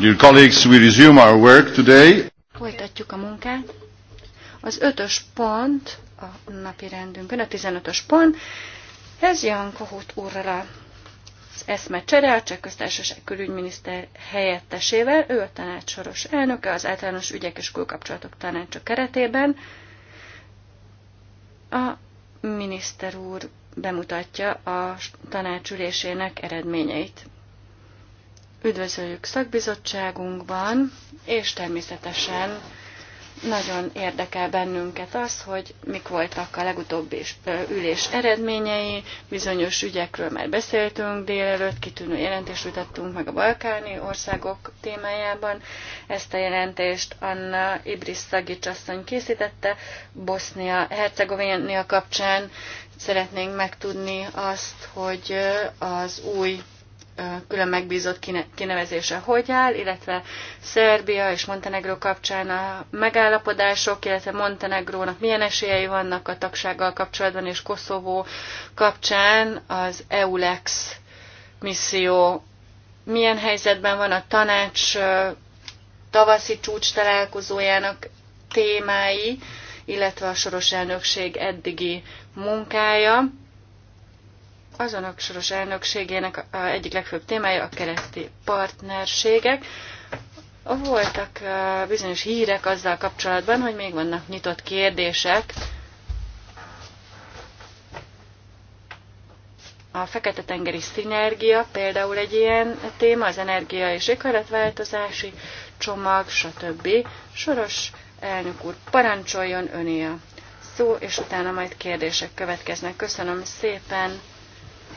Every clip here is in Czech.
Dear colleagues, we resume our work today. Folytatjuk a munkát. Az ötös pont a napi rendünkön, a 15-ös pont, ez Jan Kohut úrra az eszme csere a Cseh Köztársaság külügyminiszter helyettesével, ő a tanácsoros elnöke az általános ügyek és külkapcsolatok tanácsa keretében. A miniszter úr bemutatja a tanácsülésének eredményeit. Üdvözöljük szakbizottságunkban, és természetesen nagyon érdekel bennünket az, hogy mik voltak a legutóbbi ülés eredményei, bizonyos ügyekről már beszéltünk délelőtt, kitűnő jelentést jutottunk meg a balkáni országok témájában. Ezt a jelentést Anna Ibris Szagics asszony készítette Bosznia-Hercegovina kapcsán, Szeretnénk megtudni azt, hogy az új külön megbízott kinevezése hogy áll, illetve Szerbia és Montenegró kapcsán a megállapodások, illetve Montenegrónak milyen esélyei vannak a tagsággal kapcsolatban, és Koszovó kapcsán az EULEX misszió milyen helyzetben van a tanács tavaszi csúcs találkozójának témái, illetve a soros elnökség eddigi munkája. Azon a soros elnökségének egyik legfőbb témája a kereszti partnerségek. Voltak bizonyos hírek azzal kapcsolatban, hogy még vannak nyitott kérdések, a Fekete-tengeri szinergia például egy ilyen téma, az energia és éghajlatváltozási csomag, stb. Soros Elnök úr, parancsoljon öné a szó, és utána majd kérdések következnek. Köszönöm szépen.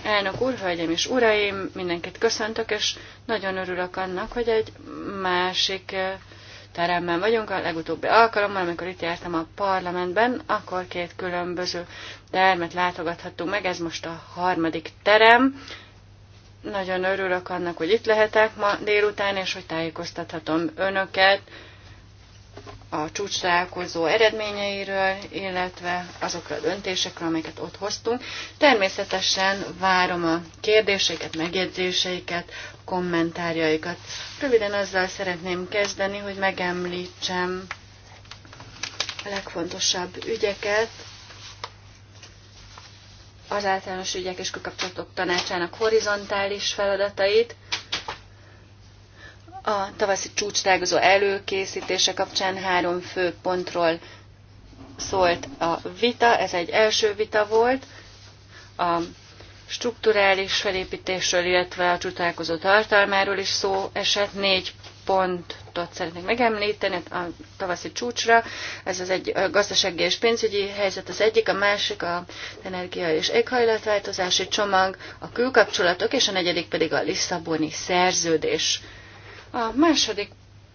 Elnök úr, hölgyem és uraim, mindenkit köszöntök, és nagyon örülök annak, hogy egy másik eh, teremben vagyunk. A legutóbbi alkalommal, amikor itt jártam a parlamentben, akkor két különböző termet látogathattunk meg. Ez most a harmadik terem. Nagyon örülök annak, hogy itt lehetek ma délután, és hogy tájékoztathatom önöket a csúcs találkozó eredményeiről, illetve azokra a döntésekről, amiket ott hoztunk. Természetesen várom a kérdéseiket, megjegyzéseiket, kommentárjaikat. Röviden azzal szeretném kezdeni, hogy megemlítsem a legfontosabb ügyeket, az általános ügyek és kapcsolatok tanácsának horizontális feladatait, a tavaszi csúcstágozó előkészítése kapcsán három fő pontról szólt a vita, ez egy első vita volt, a strukturális felépítésről, illetve a csutálkozó tartalmáról is szó esett. Négy pontot szeretnék megemlíteni a tavaszi csúcsra. Ez az egy gazdasági és pénzügyi helyzet az egyik, a másik a energia és éghajlatváltozási csomag, a külkapcsolatok, és a negyedik pedig a Lisszaboni szerződés a második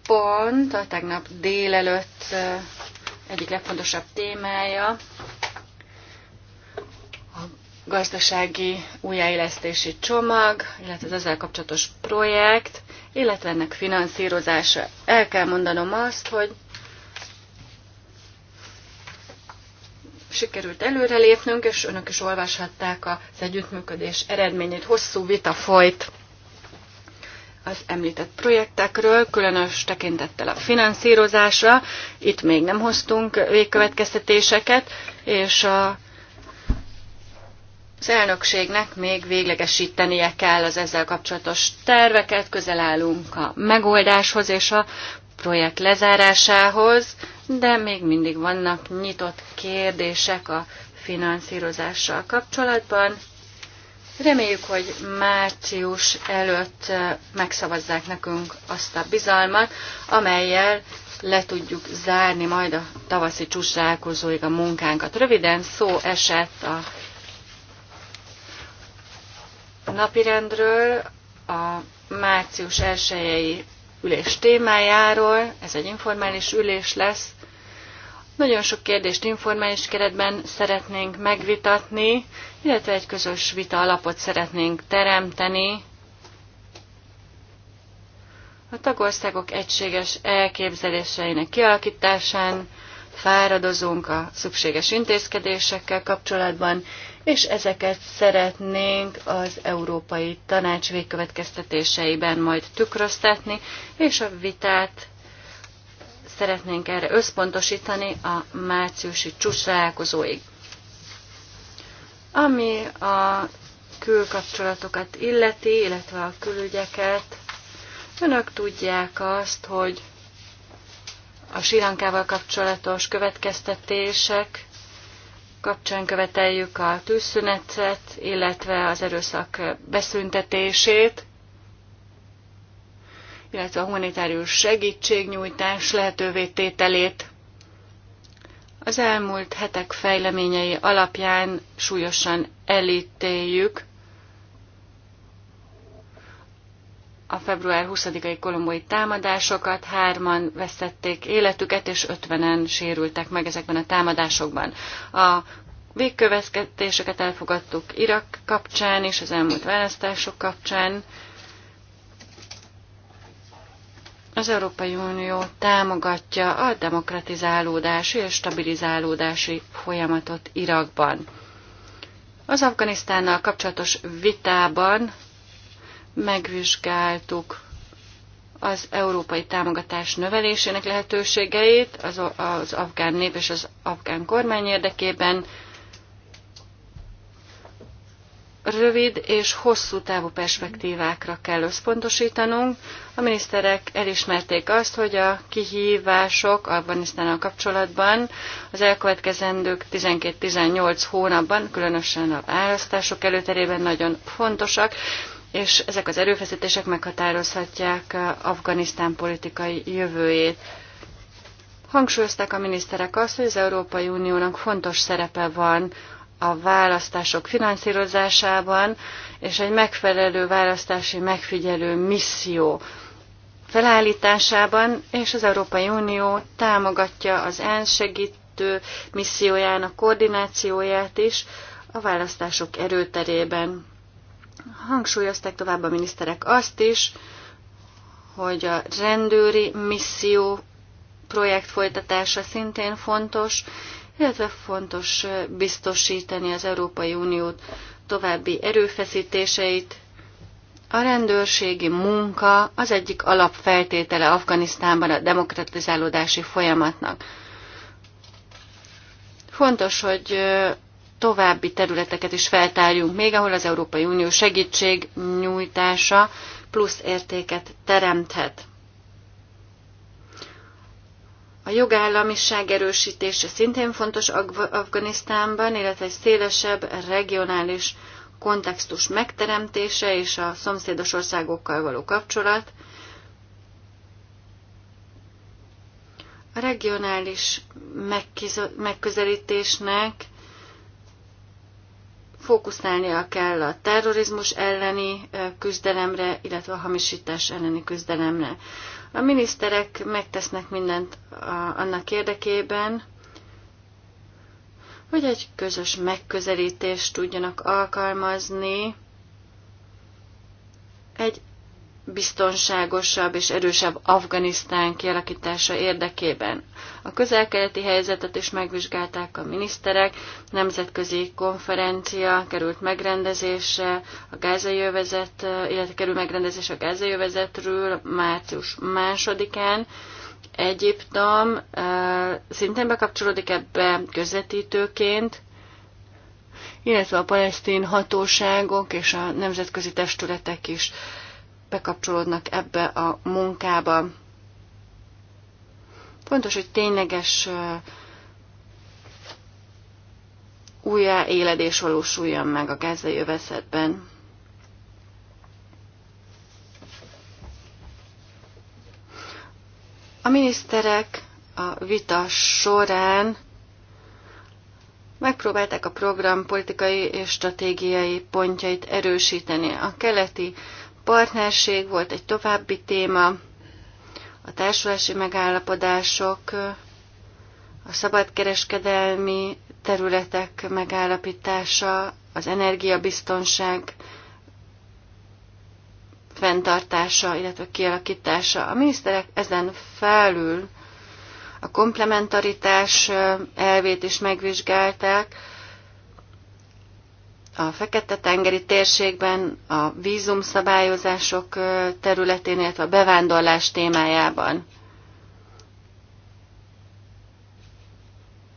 pont a tegnap délelőtt egyik legfontosabb témája a gazdasági újjáélesztési csomag, illetve az ezzel kapcsolatos projekt, illetve ennek finanszírozása. El kell mondanom azt, hogy sikerült előrelépnünk, és önök is olvashatták az együttműködés eredményét. Hosszú vita folyt az említett projektekről, különös tekintettel a finanszírozásra. Itt még nem hoztunk végkövetkeztetéseket, és a az elnökségnek még véglegesítenie kell az ezzel kapcsolatos terveket, közel állunk a megoldáshoz és a projekt lezárásához, de még mindig vannak nyitott kérdések a finanszírozással kapcsolatban, Reméljük, hogy március előtt eh, megszavazzák nekünk azt a bizalmat, amelyel le tudjuk zárni majd a tavaszi csúcsrálkozóig a munkánkat. Röviden szó esett a napirendről, a március elsőjei ülés témájáról, ez egy informális ülés lesz, Nagyon sok kérdést informális keretben szeretnénk megvitatni, illetve egy közös vita alapot szeretnénk teremteni. A tagországok egységes elképzeléseinek kialakításán fáradozunk a szükséges intézkedésekkel kapcsolatban, és ezeket szeretnénk az Európai Tanács végkövetkeztetéseiben majd tükröztetni, és a vitát szeretnénk erre összpontosítani a márciusi csúcsrálkozóig. Ami a külkapcsolatokat illeti, illetve a külügyeket, önök tudják azt, hogy a Silankával kapcsolatos következtetések kapcsán követeljük a tűzszünetet, illetve az erőszak beszüntetését illetve a humanitárius segítségnyújtás lehetővé tételét. Az elmúlt hetek fejleményei alapján súlyosan elítéljük a február 20-ai kolombói támadásokat, hárman vesztették életüket, és 50-en sérültek meg ezekben a támadásokban. A végkövetkezéseket elfogadtuk Irak kapcsán és az elmúlt választások kapcsán. Az Európai Unió támogatja a demokratizálódási és stabilizálódási folyamatot Irakban. Az Afganisztánnal kapcsolatos vitában megvizsgáltuk az európai támogatás növelésének lehetőségeit az, az afgán nép és az afgán kormány érdekében, rövid és hosszú távú perspektívákra kell összpontosítanunk. A miniszterek elismerték azt, hogy a kihívások Afganisztánnal kapcsolatban az elkövetkezendők 12-18 hónapban, különösen a választások előterében nagyon fontosak, és ezek az erőfeszítések meghatározhatják Afganisztán politikai jövőjét. Hangsúlyozták a miniszterek azt, hogy az Európai Uniónak fontos szerepe van a választások finanszírozásában, és egy megfelelő választási megfigyelő misszió felállításában, és az Európai Unió támogatja az ENSZ segítő missziójának koordinációját is a választások erőterében. Hangsúlyozták tovább a miniszterek azt is, hogy a rendőri misszió projekt folytatása szintén fontos, illetve fontos eh, biztosítani az Európai Uniót további erőfeszítéseit. A rendőrségi munka az egyik alapfeltétele Afganisztánban a demokratizálódási folyamatnak. Fontos, hogy eh, további területeket is feltárjunk még, ahol az Európai Unió segítség nyújtása plusz értéket teremthet. A jogállamiság erősítése szintén fontos Af- Afganisztánban, illetve egy szélesebb regionális kontextus megteremtése és a szomszédos országokkal való kapcsolat. A regionális megközelítésnek fókuszálnia kell a terrorizmus elleni küzdelemre, illetve a hamisítás elleni küzdelemre. A miniszterek megtesznek mindent annak érdekében, hogy egy közös megközelítést tudjanak alkalmazni egy biztonságosabb és erősebb Afganisztán kialakítása érdekében. A közelkeleti helyzetet is megvizsgálták a miniszterek, nemzetközi konferencia került megrendezésre, a gázai övezet, illetve kerül megrendezés a gázai övezetről március másodikán. Egyiptom szintén bekapcsolódik ebbe közvetítőként, illetve a palesztin hatóságok és a nemzetközi testületek is bekapcsolódnak ebbe a munkába. Fontos, hogy tényleges újjáéledés valósuljon meg a gázai övezetben. A miniszterek a vita során megpróbálták a program politikai és stratégiai pontjait erősíteni. A keleti partnerség volt egy további téma, a társulási megállapodások, a szabadkereskedelmi területek megállapítása, az energiabiztonság fenntartása, illetve kialakítása. A miniszterek ezen felül a komplementaritás elvét is megvizsgálták, a Fekete-tengeri térségben, a vízumszabályozások területén, illetve a bevándorlás témájában.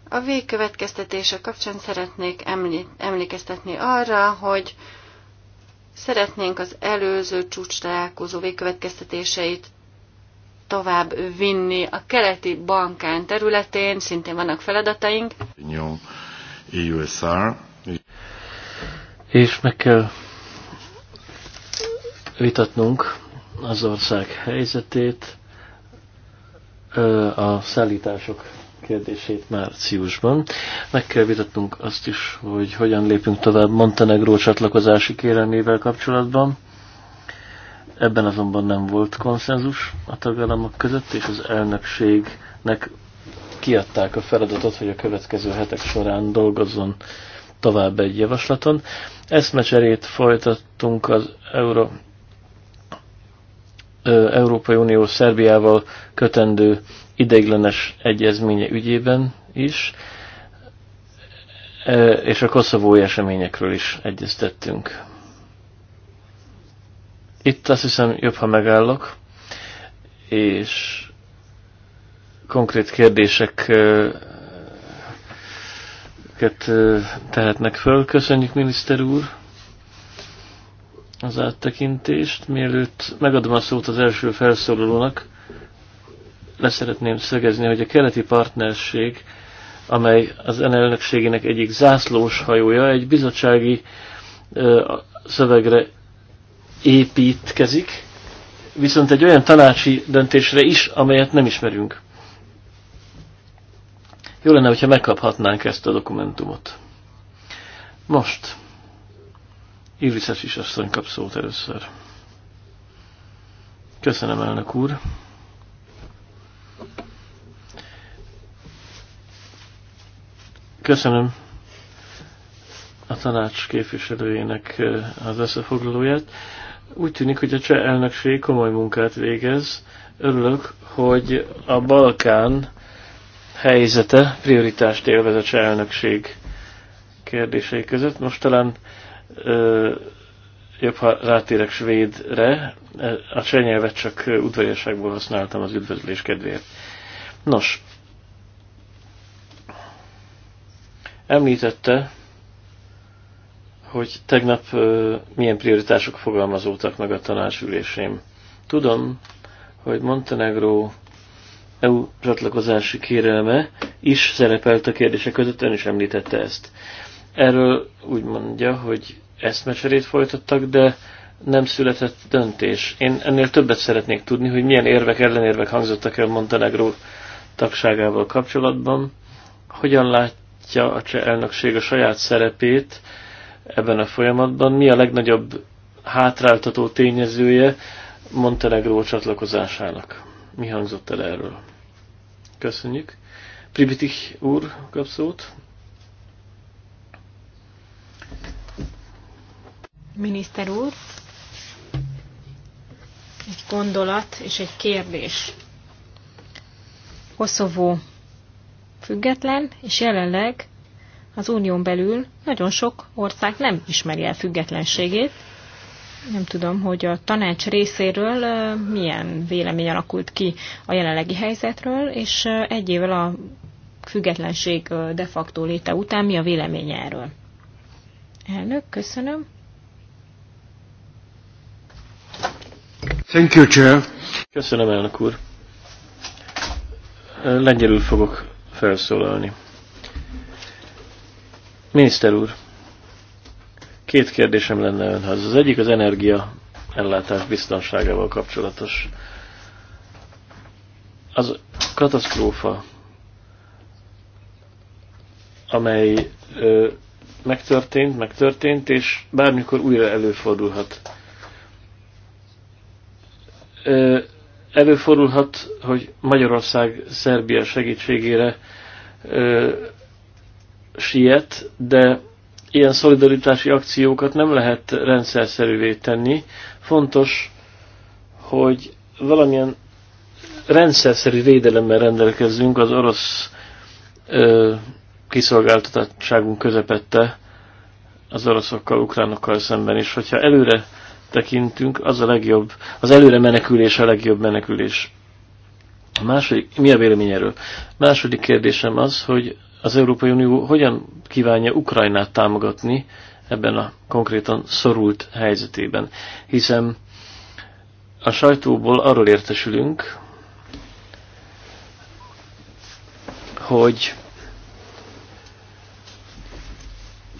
A végkövetkeztetése kapcsán szeretnék emlékeztetni arra, hogy szeretnénk az előző csúcs találkozó végkövetkeztetéseit tovább vinni a keleti bankán területén, szintén vannak feladataink. E és meg kell vitatnunk az ország helyzetét, a szállítások kérdését márciusban. Meg kell vitatnunk azt is, hogy hogyan lépünk tovább Montenegró csatlakozási kérelmével kapcsolatban. Ebben azonban nem volt konszenzus a tagállamok között, és az elnökségnek kiadták a feladatot, hogy a következő hetek során dolgozzon tovább egy javaslaton. Eszmecserét folytattunk az Euró Európai Unió Szerbiával kötendő ideiglenes egyezménye ügyében is, és a koszovói eseményekről is egyeztettünk. Itt azt hiszem jobb, ha megállok, és konkrét kérdések kérdéseket eh, tehetnek föl. Köszönjük, miniszter úr, az áttekintést. Mielőtt megadom a szót az első felszólalónak, leszeretném szögezni, hogy a keleti partnerség, amely az elnökségének egyik zászlós hajója, egy bizottsági eh, szövegre építkezik, viszont egy olyan tanácsi döntésre is, amelyet nem ismerünk. Jó lenne, hogyha megkaphatnánk ezt a dokumentumot. Most. Iriszes is asszony kap szót először. Köszönöm, elnök úr. Köszönöm a tanács képviselőjének eh, az összefoglalóját. Úgy tűnik, hogy a cseh elnökség komoly munkát végez. Örülök, hogy a Balkán helyzete prioritást élvez a cselnökség kérdései között. Most talán ö, jobb, ha rátérek svédre. A cseh nyelvet csak udvariaságból használtam az üdvözlés kedvéért. Nos, említette, hogy tegnap ö, milyen prioritások fogalmazódtak meg a tanácsülésém. Tudom, hogy Montenegro EU csatlakozási kérelme is szerepelt a kérdések között, ön is említette ezt. Erről úgy mondja, hogy eszmecserét folytattak, de nem született döntés. Én ennél többet szeretnék tudni, hogy milyen érvek, ellenérvek hangzottak el Montenegro tagságával kapcsolatban, hogyan látja a cseh elnökség a saját szerepét ebben a folyamatban, mi a legnagyobb hátráltató tényezője Montenegro csatlakozásának. Mi hangzott el erről? Köszönjük. Pribitik úr kap szót. Miniszter úr, egy gondolat és egy kérdés. Koszovó független, és jelenleg az unión belül nagyon sok ország nem ismeri el függetlenségét, Nem tudom, hogy a tanács részéről milyen vélemény alakult ki a jelenlegi helyzetről, és egy évvel a függetlenség de facto léte után mi a vélemény erről. Elnök, köszönöm. Thank you, Chair. Köszönöm, elnök úr. Lengyelül fogok felszólalni. Miniszter úr, Két kérdésem lenne önhöz. Az egyik az energia ellátás biztonságával kapcsolatos. Az katasztrófa, amely ö, megtörtént, megtörtént, és bármikor újra előfordulhat. Ö, előfordulhat, hogy Magyarország Szerbia segítségére ö, siet, de ilyen szolidaritási akciókat nem lehet rendszerszerűvé tenni. Fontos, hogy valamilyen rendszerszerű védelemmel rendelkezzünk az orosz ö, kiszolgáltatottságunk közepette az oroszokkal, ukránokkal szemben is. Hogyha előre tekintünk, az a legjobb, az előre menekülés a legjobb menekülés. A második, mi a vélemény erről? A második kérdésem az, hogy az Európai Unió hogyan kívánja Ukrajnát támogatni ebben a konkrétan szorult helyzetében. Hiszen a sajtóból arról értesülünk, hogy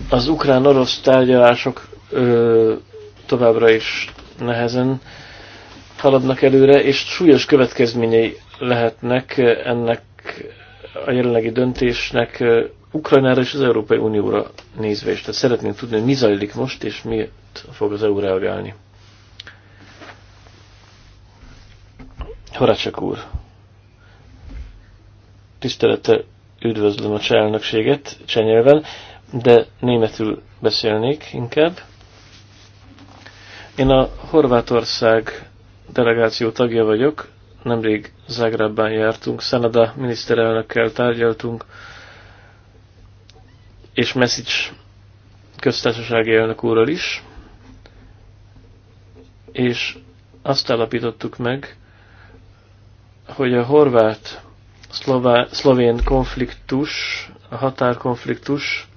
az ukrán-orosz tárgyalások ö, továbbra is nehezen haladnak előre, és súlyos következményei lehetnek ennek a jelenlegi döntésnek Ukrajnára és az Európai Unióra nézve is. Tehát szeretnénk tudni, hogy mi zajlik most, és miért fog az EU reagálni. Horácsak úr, tisztelete üdvözlöm a cselnökséget csenyelven, de németül beszélnék inkább. Én a Horvátország delegáció tagja vagyok, nemrég Zagrebben jártunk, Szenada miniszterelnökkel tárgyaltunk, és Messzics köztársasági elnök úrral is, és azt állapítottuk meg, hogy a horvát szlovén konfliktus, a határkonfliktus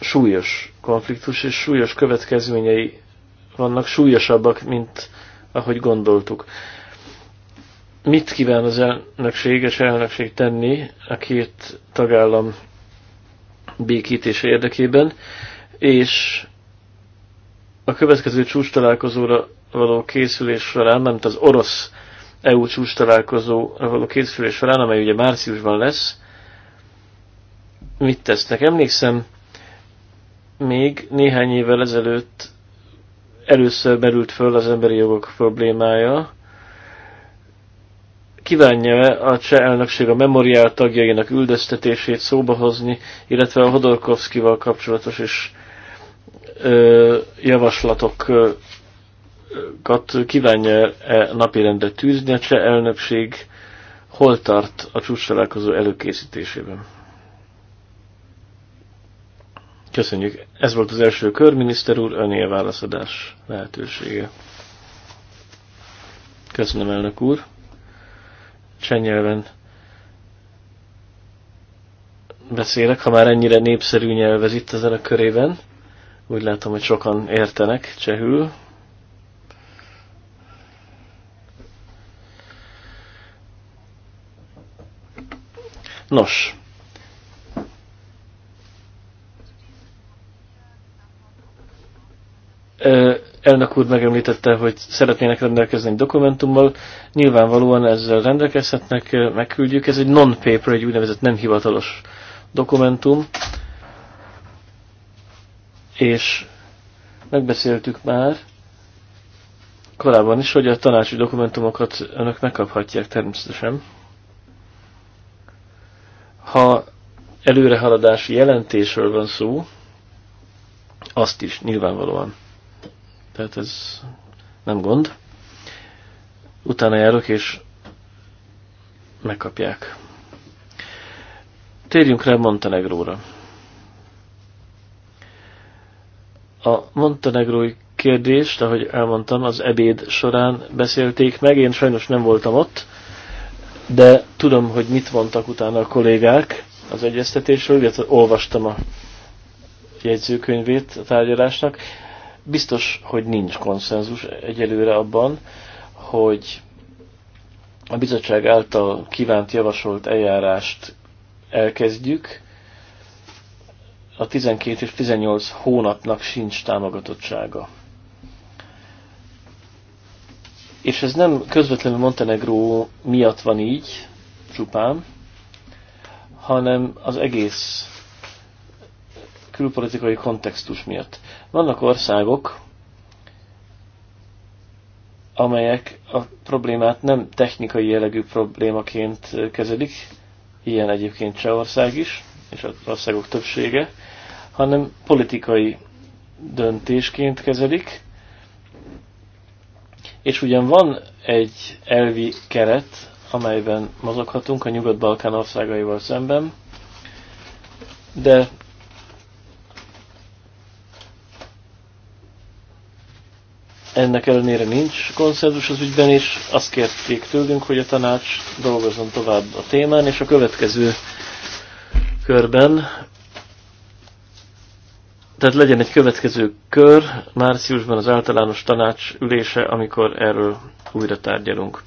súlyos konfliktus, és súlyos következményei vannak, súlyosabbak, mint ahogy gondoltuk. Mit kíván az elnökséges elnökség tenni a két tagállam békítése érdekében, és a következő csúcs találkozóra való készülés során, nem az orosz EU csúcs találkozóra való készülés során, amely ugye márciusban lesz, mit tesznek? Emlékszem, még néhány évvel ezelőtt először merült föl az emberi jogok problémája. Kívánja-e a cseh elnökség a memoriál tagjainak üldöztetését szóba hozni, illetve a Hodorkovszkival kapcsolatos is ö, javaslatokat kívánja-e napirendre tűzni a cseh elnökség? Hol tart a csúcs találkozó előkészítésében? Köszönjük. Ez volt az első kör, miniszter úr, öné a válaszadás lehetősége. Köszönöm, elnök úr. Csennyelven beszélek, ha már ennyire népszerű nyelv ez itt ezen a körében. Úgy látom, hogy sokan értenek csehül. Nos, Eh, elnök úr megemlítette, hogy szeretnének rendelkezni egy dokumentummal. Nyilvánvalóan ezzel rendelkezhetnek, eh, megküldjük. Ez egy non-paper, egy úgynevezett nem hivatalos dokumentum. És megbeszéltük már korábban is, hogy a tanácsi dokumentumokat önök megkaphatják természetesen. Ha előrehaladási jelentésről van szó, azt is nyilvánvalóan tehát ez nem gond. Utána járok, és megkapják. Térjünk rá Montenegróra. A montenegrói kérdést, ahogy elmondtam, az ebéd során beszélték meg, én sajnos nem voltam ott, de tudom, hogy mit mondtak utána a kollégák az egyeztetésről, illetve olvastam a jegyzőkönyvét a tárgyalásnak. Biztos, hogy nincs konszenzus egyelőre abban, hogy a bizottság által kívánt javasolt eljárást elkezdjük. A 12 és 18 hónapnak sincs támogatottsága. És ez nem közvetlenül Montenegró miatt van így, csupán, hanem az egész külpolitikai kontextus miatt. Vannak országok, amelyek a problémát nem technikai jellegű problémaként kezelik, ilyen egyébként Csehország is, és az országok többsége, hanem politikai döntésként kezelik, és ugyan van egy elvi keret, amelyben mozoghatunk a Nyugat-Balkán országaival szemben, de Ennek ellenére nincs konszenzus az ügyben, és azt kérték tőlünk, hogy a tanács dolgozzon tovább a témán, és a következő körben, tehát legyen egy következő kör, márciusban az általános tanács ülése, amikor erről újra tárgyalunk.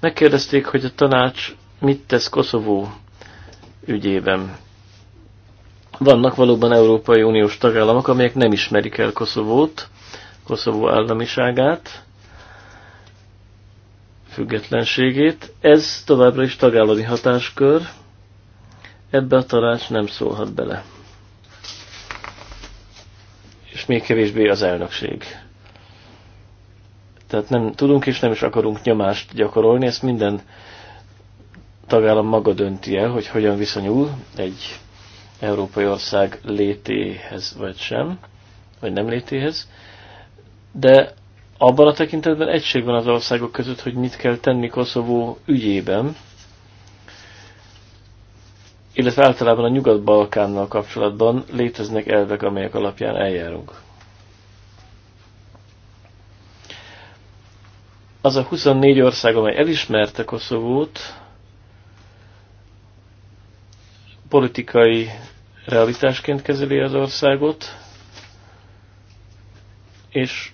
Megkérdezték, hogy a tanács mit tesz Koszovó ügyében. Vannak valóban Európai Uniós tagállamok, amelyek nem ismerik el Koszovót, Koszovó államiságát, függetlenségét. Ez továbbra is tagállami hatáskör, ebbe a tanács nem szólhat bele. És még kevésbé az elnökség. Tehát nem tudunk és nem is akarunk nyomást gyakorolni, ezt minden tagállam maga dönti el, hogy hogyan viszonyul egy európai ország létéhez vagy sem, vagy nem létéhez de abban a tekintetben egység van az országok között, hogy mit kell tenni Koszovó ügyében, illetve általában a Nyugat-Balkánnal kapcsolatban léteznek elvek, amelyek alapján eljárunk. Az a 24 ország, amely elismerte Koszovót, politikai realitásként kezeli az országot, és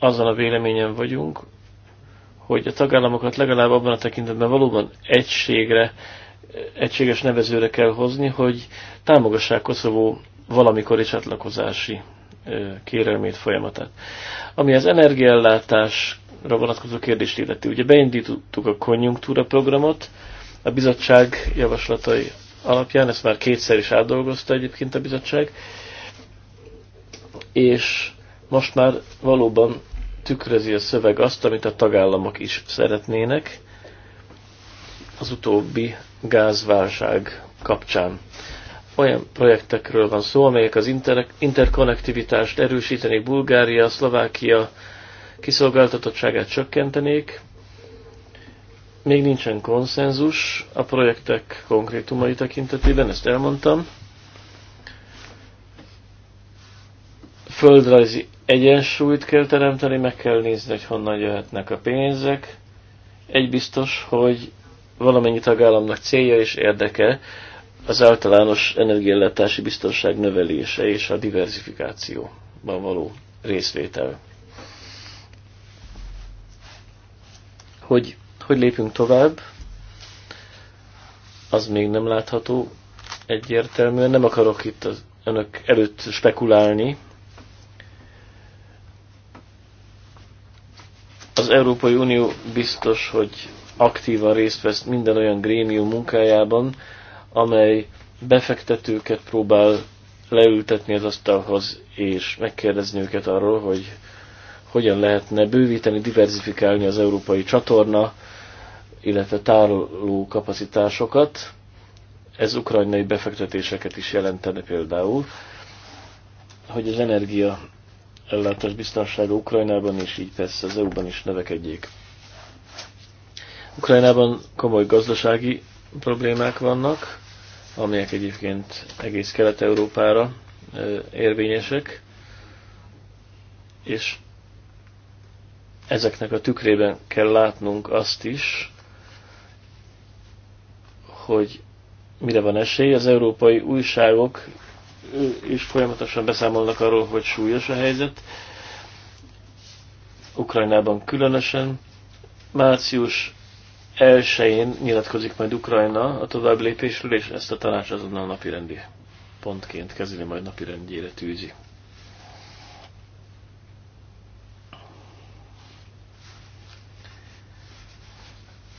azzal a véleményen vagyunk, hogy a tagállamokat legalább abban a tekintetben valóban egységre, egységes nevezőre kell hozni, hogy támogassák Koszovó valamikori csatlakozási kérelmét, folyamatát. Ami az energiaellátásra vonatkozó kérdést illeti. Ugye beindítottuk a konjunktúra programot, a bizottság javaslatai alapján, ezt már kétszer is átdolgozta egyébként a bizottság, és most már valóban tükrözi a szöveg azt, amit a tagállamok is szeretnének az utóbbi gázválság kapcsán. Olyan projektekről van szó, amelyek az inter- interkonnektivitást erősítenék, Bulgária, Szlovákia kiszolgáltatottságát csökkentenék. Még nincsen konszenzus a projektek konkrétumai tekintetében, ezt elmondtam. Földrajzi Egyensúlyt kell teremteni, meg kell nézni, hogy honnan jöhetnek a pénzek. Egy biztos, hogy valamennyi tagállamnak célja és érdeke az általános energiállátási biztonság növelése és a diversifikációban való részvétel. Hogy, hogy lépünk tovább, az még nem látható egyértelműen. Nem akarok itt az önök előtt spekulálni, Európai Unió biztos, hogy aktívan részt vesz minden olyan grémium munkájában, amely befektetőket próbál leültetni az asztalhoz, és megkérdezni őket arról, hogy hogyan lehetne bővíteni, diversifikálni az európai csatorna, illetve tároló kapacitásokat. Ez ukrajnai befektetéseket is jelentene például, hogy az energia ellátás biztonsága Ukrajnában és így persze az EU-ban is növekedjék. Ukrajnában komoly gazdasági problémák vannak, amelyek egyébként egész Kelet-Európára érvényesek, és ezeknek a tükrében kell látnunk azt is, hogy mire van esély. Az európai újságok is folyamatosan beszámolnak arról, hogy súlyos a helyzet. Ukrajnában különösen. Március 1-én nyilatkozik majd Ukrajna a további lépésről, és ezt a tanács azonnal napirendi pontként kezeli, majd napirendjére tűzi.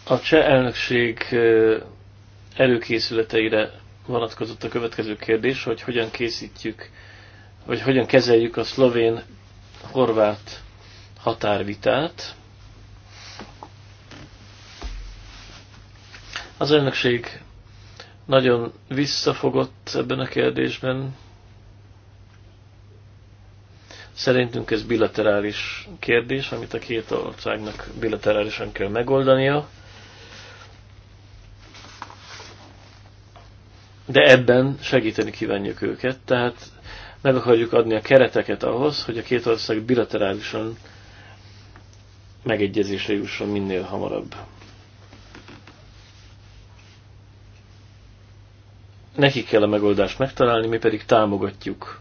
A cseh elnökség előkészületeire vonatkozott a következő kérdés, hogy hogyan készítjük, vagy hogyan kezeljük a szlovén-horvát határvitát. Az elnökség nagyon visszafogott ebben a kérdésben. Szerintünk ez bilaterális kérdés, amit a két országnak bilaterálisan kell megoldania. de ebben segíteni kívánjuk őket, tehát meg akarjuk adni a kereteket ahhoz, hogy a két ország bilaterálisan megegyezésre jusson minél hamarabb. Nekik kell a megoldást megtalálni, mi pedig támogatjuk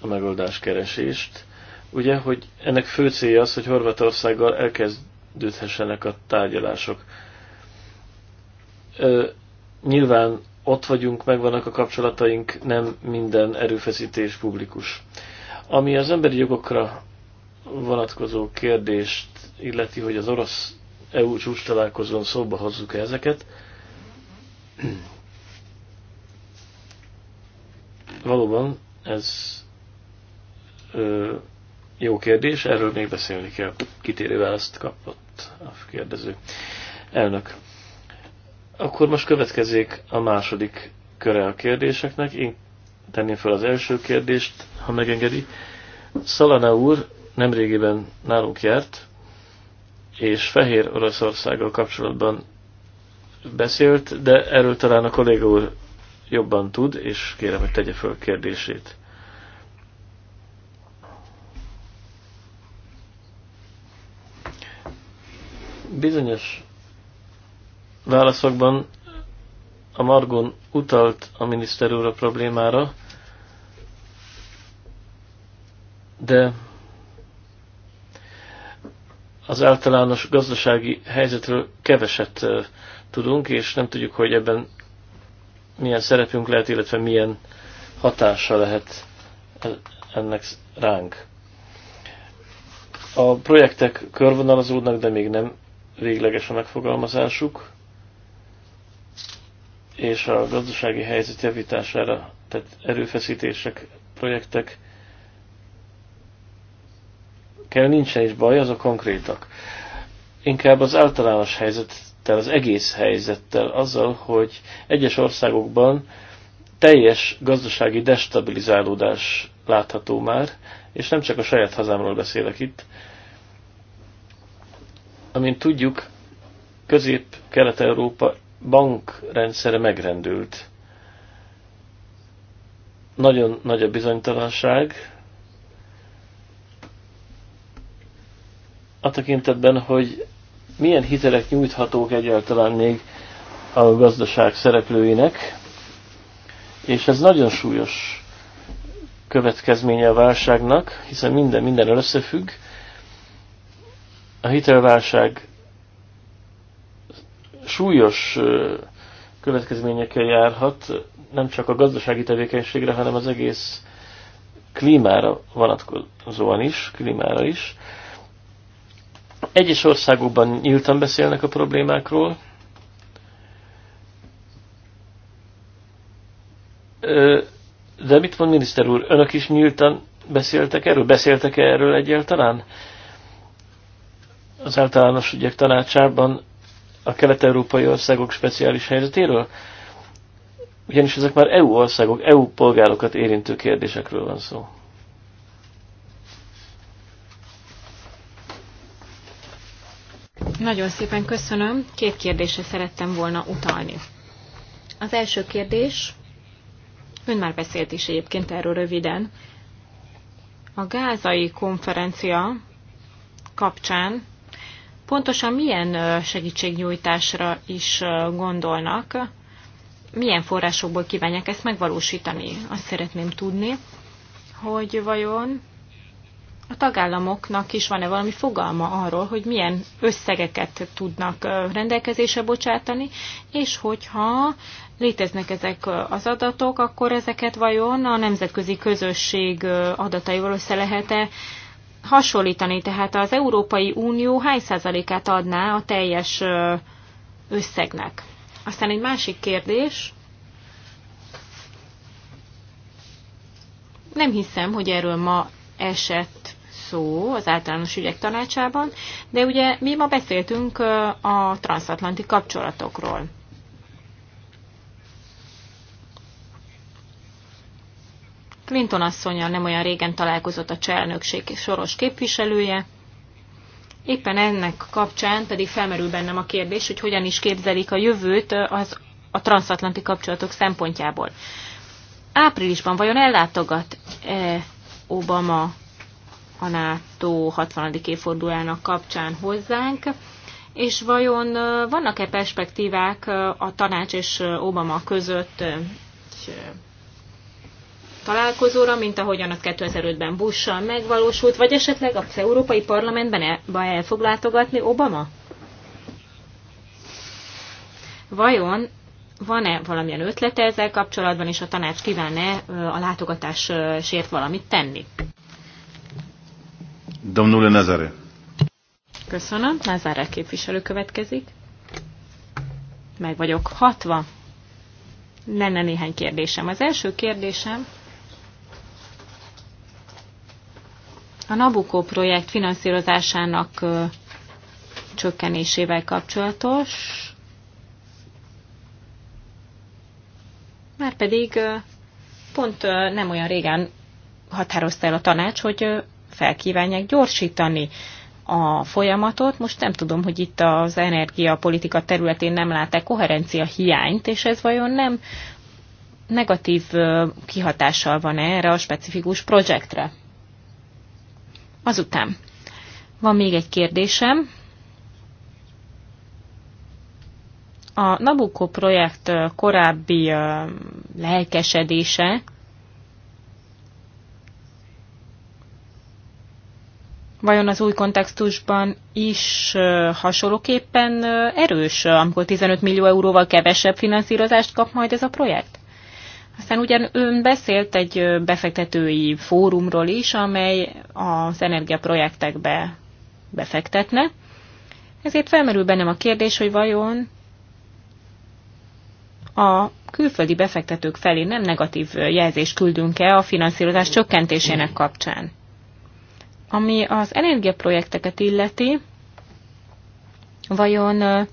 a megoldás keresést. Ugye, hogy ennek fő célja az, hogy Horvátországgal elkezdődhessenek a tárgyalások. Ö, nyilván ott vagyunk, megvannak a kapcsolataink, nem minden erőfeszítés publikus. Ami az emberi jogokra vonatkozó kérdést illeti, hogy az orosz EU csúcs találkozón szóba hozzuk -e ezeket, valóban ez ö, jó kérdés, erről még beszélni kell. Kitérő választ kapott a kérdező. Elnök. Akkor most következik a második köre a kérdéseknek. Én tenném fel az első kérdést, ha megengedi. Szalana úr nemrégiben nálunk járt, és Fehér Oroszországgal kapcsolatban beszélt, de erről talán a kolléga úr jobban tud, és kérem, hogy tegye föl kérdését. Bizonyos válaszokban a Margon utalt a miniszter úr a problémára, de az általános gazdasági helyzetről keveset tudunk, és nem tudjuk, hogy ebben milyen szerepünk lehet, illetve milyen hatása lehet e, ennek ránk. A projektek körvonalazódnak, de még nem végleges a megfogalmazásuk és a gazdasági helyzet javítására tett erőfeszítések, projektek kell nincsen is baj, azok konkrétak. Inkább az általános helyzettel, az egész helyzettel, azzal, hogy egyes országokban teljes gazdasági destabilizálódás látható már, és nem csak a saját hazámról beszélek itt. Amint tudjuk, Közép-Kelet-Európa bankrendszere megrendült. Nagyon nagy a bizonytalanság a tekintetben, hogy milyen hitelek nyújthatók egyáltalán még a gazdaság szereplőinek, és ez nagyon súlyos következménye a válságnak, hiszen minden mindennel összefügg. A hitelválság súlyos következményekkel járhat, nem csak a gazdasági tevékenységre, hanem az egész klímára vonatkozóan is, klímára is. Egyes országokban nyíltan beszélnek a problémákról, de mit mond miniszter úr, önök is nyíltan beszéltek erről? Beszéltek -e erről egyáltalán? Az általános ügyek tanácsában a kelet-európai országok speciális helyzetéről? Ugyanis ezek már EU országok, EU polgárokat érintő kérdésekről van szó. Nagyon szépen köszönöm. Két kérdésre szerettem volna utalni. Az első kérdés, ön már beszélt is egyébként erről röviden, a gázai konferencia kapcsán pontosan milyen segítségnyújtásra is gondolnak, milyen forrásokból kívánják ezt megvalósítani. Azt szeretném tudni, hogy vajon a tagállamoknak is van-e valami fogalma arról, hogy milyen összegeket tudnak rendelkezésre bocsátani, és hogyha léteznek ezek az adatok, akkor ezeket vajon a nemzetközi közösség adataival össze lehet-e hasonlítani, tehát az Európai Unió hány százalékát adná a teljes összegnek. Aztán egy másik kérdés. Nem hiszem, hogy erről ma esett szó az általános ügyek tanácsában, de ugye mi ma beszéltünk a transatlanti kapcsolatokról. Clinton asszonyjal nem olyan régen találkozott a cselnökség soros képviselője. Éppen ennek kapcsán pedig felmerül bennem a kérdés, hogy hogyan is képzelik a jövőt az, a transatlanti kapcsolatok szempontjából. Áprilisban vajon ellátogat -e Obama a NATO 60. évfordulának kapcsán hozzánk, és vajon vannak-e perspektívák a tanács és Obama között találkozóra, mint ahogyan a 2005-ben Bush-sal megvalósult, vagy esetleg az Európai Parlamentben el, el fog látogatni Obama? Vajon van-e valamilyen ötlete ezzel kapcsolatban, és a tanács kíván-e a látogatásért valamit tenni? Domnule Nazare. Köszönöm. Nazare képviselő következik. Meg vagyok hatva. Lenne néhány kérdésem. Az első kérdésem a Nabucco projekt finanszírozásának csökkenésével kapcsolatos, márpedig pont nem olyan régen határozta el a tanács, hogy felkívánják gyorsítani a folyamatot. Most nem tudom, hogy itt az energiapolitika területén nem lát-e koherencia hiányt, és ez vajon nem negatív kihatással van -e erre a specifikus projektre. Azután van még egy kérdésem. A Nabucco projekt korábbi lelkesedése vajon az új kontextusban is hasonlóképpen erős, amikor 15 millió euróval kevesebb finanszírozást kap majd ez a projekt? Aztán ugyan ön beszélt egy befektetői fórumról is, amely az energiaprojektekbe befektetne. Ezért felmerül bennem a kérdés, hogy vajon a külföldi befektetők felé nem negatív jelzést küldünk-e a finanszírozás csökkentésének kapcsán. Ami az energiaprojekteket illeti, vajon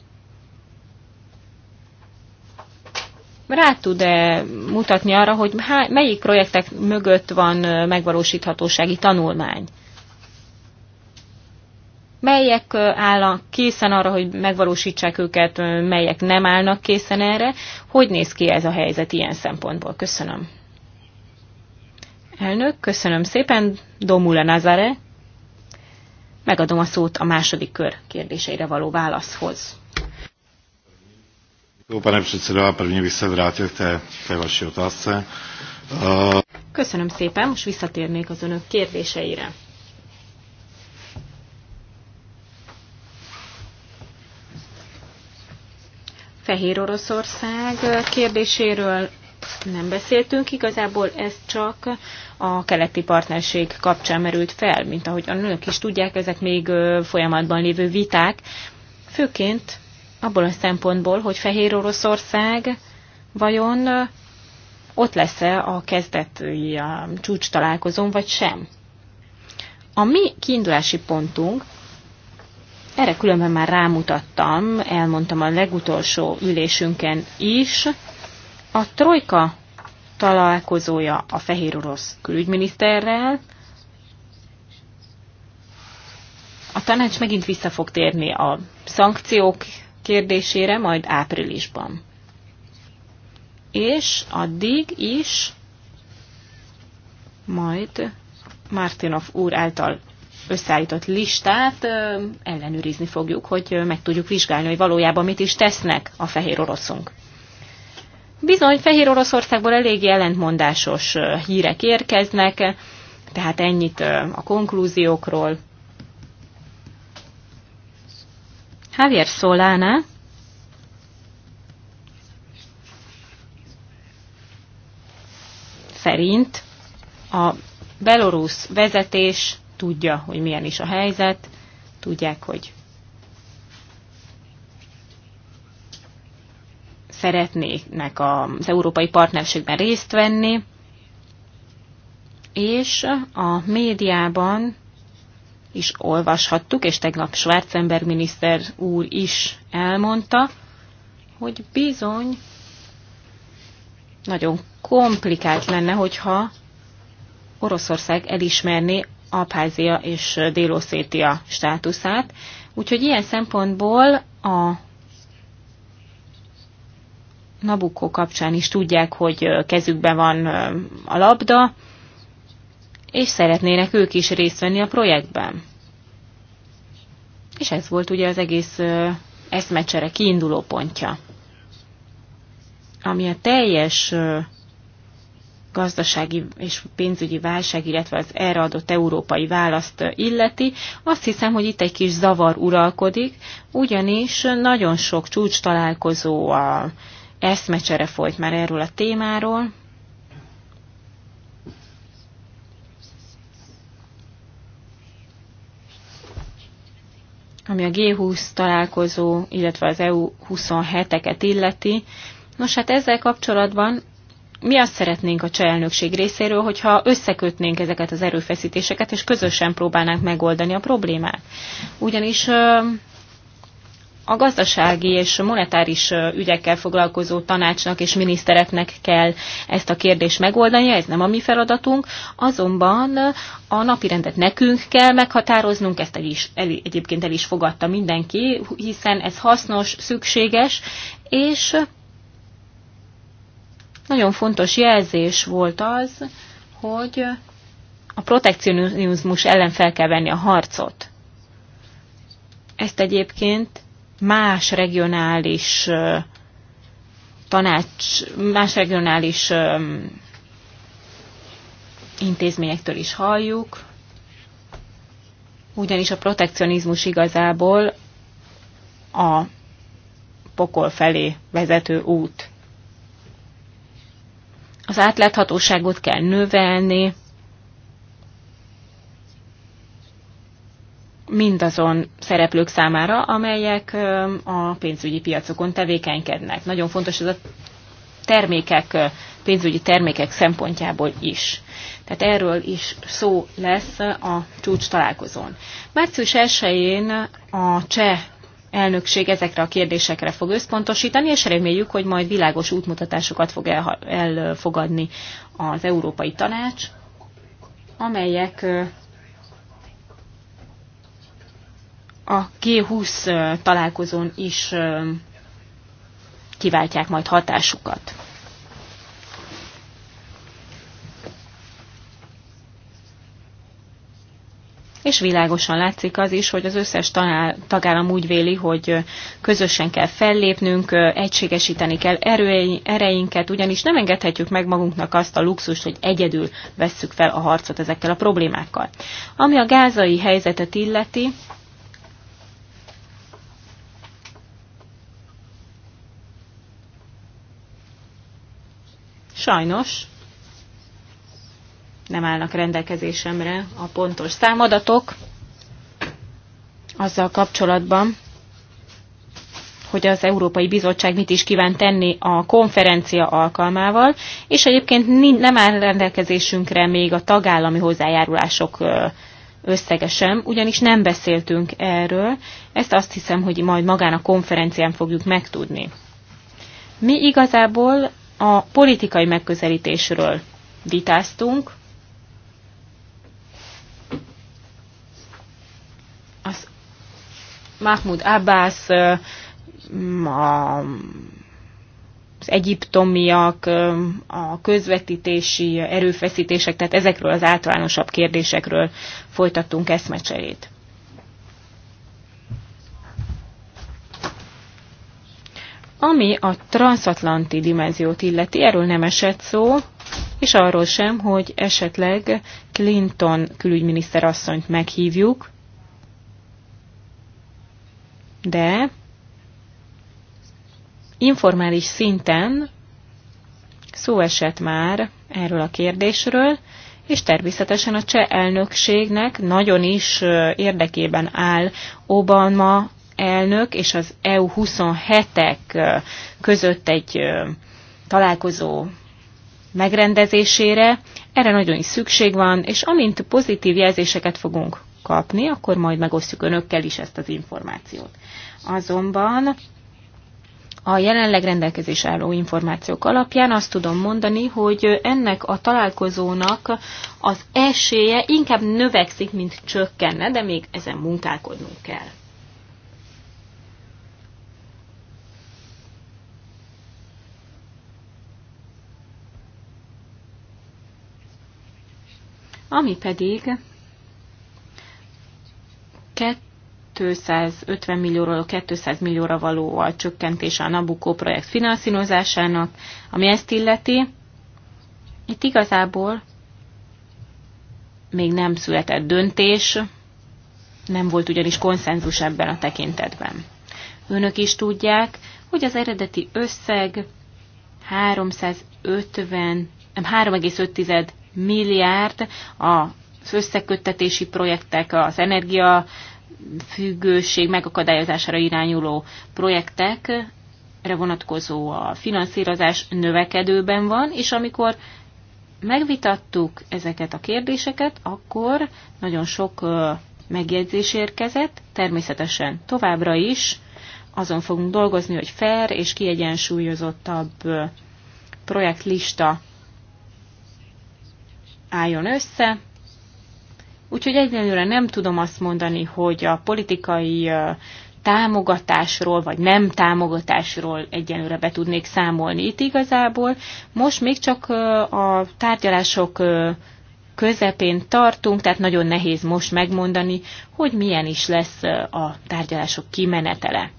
rá tud-e mutatni arra, hogy há, melyik projektek mögött van megvalósíthatósági tanulmány? Melyek állnak készen arra, hogy megvalósítsák őket, melyek nem állnak készen erre? Hogy néz ki ez a helyzet ilyen szempontból? Köszönöm. Elnök, köszönöm szépen. Domula Nazare. Megadom a szót a második kör kérdéseire való válaszhoz. Pane předsedo, a první bych se vrátil k té, k té vaší otázce. Eh, Köszönöm szépen, most visszatérnék az önök kérdéseire. Fehér Oroszország kérdéséről nem beszéltünk, igazából ez csak a keleti partnerség kapcsán merült fel, mint ahogy a nők is tudják, ezek még folyamatban lévő viták, főként abból a szempontból, hogy Fehér Oroszország vajon ott lesz-e a kezdeti a csúcs találkozón, vagy sem. A mi kiindulási pontunk, erre különben már rámutattam, elmondtam a legutolsó ülésünken is, a Trojka találkozója a fehér orosz külügyminiszterrel, a tanács megint vissza fog térni a szankciók kérdésére majd áprilisban. És addig is majd Martinov úr által összeállított listát ellenőrizni fogjuk, hogy meg tudjuk vizsgálni, hogy valójában mit is tesznek a fehér oroszunk. Bizony, Fehér Oroszországból elég ellentmondásos hírek érkeznek, tehát ennyit a konklúziókról. Javier Solana szerint a belorusz vezetés tudja, hogy milyen is a helyzet, tudják, hogy szeretnének az európai partnerségben részt venni, és a médiában is olvashattuk, és tegnap Schwarzenberg miniszter úr is elmondta, hogy bizony nagyon komplikált lenne, hogyha Oroszország elismerné Apázia és Délosszétia státuszát. Úgyhogy ilyen szempontból a Nabukó kapcsán is tudják, hogy kezükben van a labda, és szeretnének ők is részt venni a projektben. És ez volt ugye az egész eszmecsere kiinduló pontja. Ami a teljes gazdasági és pénzügyi válság, illetve az erre adott európai választ illeti, azt hiszem, hogy itt egy kis zavar uralkodik, ugyanis nagyon sok csúcs találkozó a eszmecsere folyt már erről a témáról, ami a G20 találkozó, illetve az EU 27-eket illeti. Nos, hát ezzel kapcsolatban mi azt szeretnénk a cselnökség részéről, hogyha összekötnénk ezeket az erőfeszítéseket, és közösen próbálnánk megoldani a problémát. Ugyanis a gazdasági és monetáris ügyekkel foglalkozó tanácsnak és minisztereknek kell ezt a kérdést megoldania, ez nem a mi feladatunk, azonban a napirendet nekünk kell meghatároznunk, ezt el is, el, egyébként el is fogadta mindenki, hiszen ez hasznos, szükséges, és nagyon fontos jelzés volt az, hogy a protekcionizmus ellen fel kell venni a harcot. Ezt egyébként más regionális tanács, más regionális intézményektől is halljuk, ugyanis a protekcionizmus igazából a pokol felé vezető út. Az átláthatóságot kell növelni, mindazon szereplők számára, amelyek a pénzügyi piacokon tevékenykednek. Nagyon fontos ez a termékek, pénzügyi termékek szempontjából is. Tehát erről is szó lesz a csúcs találkozón. Március 1-én a cseh elnökség ezekre a kérdésekre fog összpontosítani, és reméljük, hogy majd világos útmutatásokat fog elfogadni az Európai Tanács, amelyek a G20 találkozón is kiváltják majd hatásukat. És világosan látszik az is, hogy az összes tagállam úgy véli, hogy közösen kell fellépnünk, egységesíteni kell ereinket, ugyanis nem engedhetjük meg magunknak azt a luxust, hogy egyedül vesszük fel a harcot ezekkel a problémákkal. Ami a gázai helyzetet illeti, Sajnos nem állnak rendelkezésemre a pontos számadatok azzal kapcsolatban, hogy az Európai Bizottság mit is kíván tenni a konferencia alkalmával, és egyébként nem áll rendelkezésünkre még a tagállami hozzájárulások összegesen, ugyanis nem beszéltünk erről, ezt azt hiszem, hogy majd magán a konferencián fogjuk megtudni. Mi igazából a politikai megközelítésről vitáztunk, az Mahmoud Abbas, az egyiptomiak, a közvetítési erőfeszítések, tehát ezekről az általánosabb kérdésekről folytattunk eszmecserét. Ami a transatlanti dimenziót illeti, erről nem esett szó, és arról sem, hogy esetleg Clinton külügyminiszter asszonyt meghívjuk, de informális szinten szó esett már erről a kérdésről, és természetesen a cseh elnökségnek nagyon is érdekében áll Obama elnök és az EU27-ek között egy találkozó megrendezésére. Erre nagyon is szükség van, és amint pozitív jelzéseket fogunk kapni, akkor majd megosztjuk önökkel is ezt az információt. Azonban a jelenleg rendelkezés álló információk alapján azt tudom mondani, hogy ennek a találkozónak az esélye inkább növekszik, mint csökkenne, de még ezen munkálkodnunk kell. ami pedig 250 millióról 200 millióra való a csökkentése a Nabucco projekt finanszírozásának, ami ezt illeti. Itt igazából még nem született döntés, nem volt ugyanis konszenzus ebben a tekintetben. Önök is tudják, hogy az eredeti összeg 350, 3,5 milliárd az összeköttetési projektek, az energia függőség megakadályozására irányuló projektekre vonatkozó a finanszírozás növekedőben van, és amikor megvitattuk ezeket a kérdéseket, akkor nagyon sok megjegyzés érkezett, természetesen továbbra is azon fogunk dolgozni, hogy fair és kiegyensúlyozottabb projektlista álljon össze. Úgyhogy egyelőre nem tudom azt mondani, hogy a politikai támogatásról vagy nem támogatásról egyenlőre be tudnék számolni itt igazából. Most még csak a tárgyalások közepén tartunk, tehát nagyon nehéz most megmondani, hogy milyen is lesz a tárgyalások kimenetele.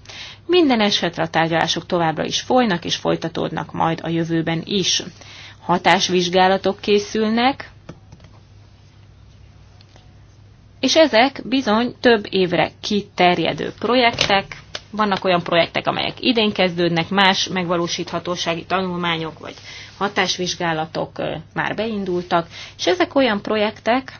Minden esetre a tárgyalások továbbra is folynak és folytatódnak majd a jövőben is. Hatásvizsgálatok készülnek, és ezek bizony több évre kiterjedő projektek, vannak olyan projektek, amelyek idén kezdődnek, más megvalósíthatósági tanulmányok vagy hatásvizsgálatok már beindultak, és ezek olyan projektek,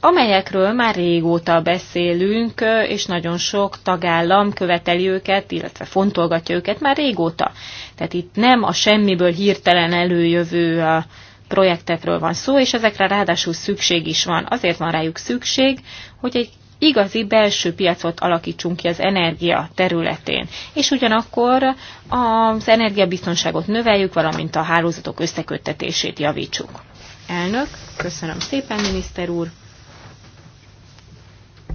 amelyekről már régóta beszélünk, és nagyon sok tagállam követeli őket, illetve fontolgatja őket már régóta. Tehát itt nem a semmiből hirtelen előjövő projektekről van szó, és ezekre ráadásul szükség is van. Azért van rájuk szükség, hogy egy igazi belső piacot alakítsunk ki az energia területén, és ugyanakkor az energiabiztonságot növeljük, valamint a hálózatok összeköttetését javítsuk. Elnök, köszönöm szépen, miniszter úr.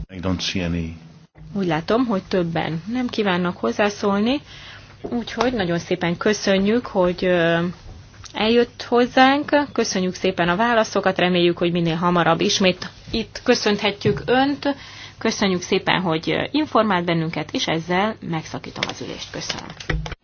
I don't see any. Úgy látom, hogy többen nem kívánnak hozzászólni, úgyhogy nagyon szépen köszönjük, hogy eljött hozzánk. Köszönjük szépen a válaszokat, reméljük, hogy minél hamarabb ismét itt köszönhetjük Önt. Köszönjük szépen, hogy informált bennünket, és ezzel megszakítom az ülést. Köszönöm.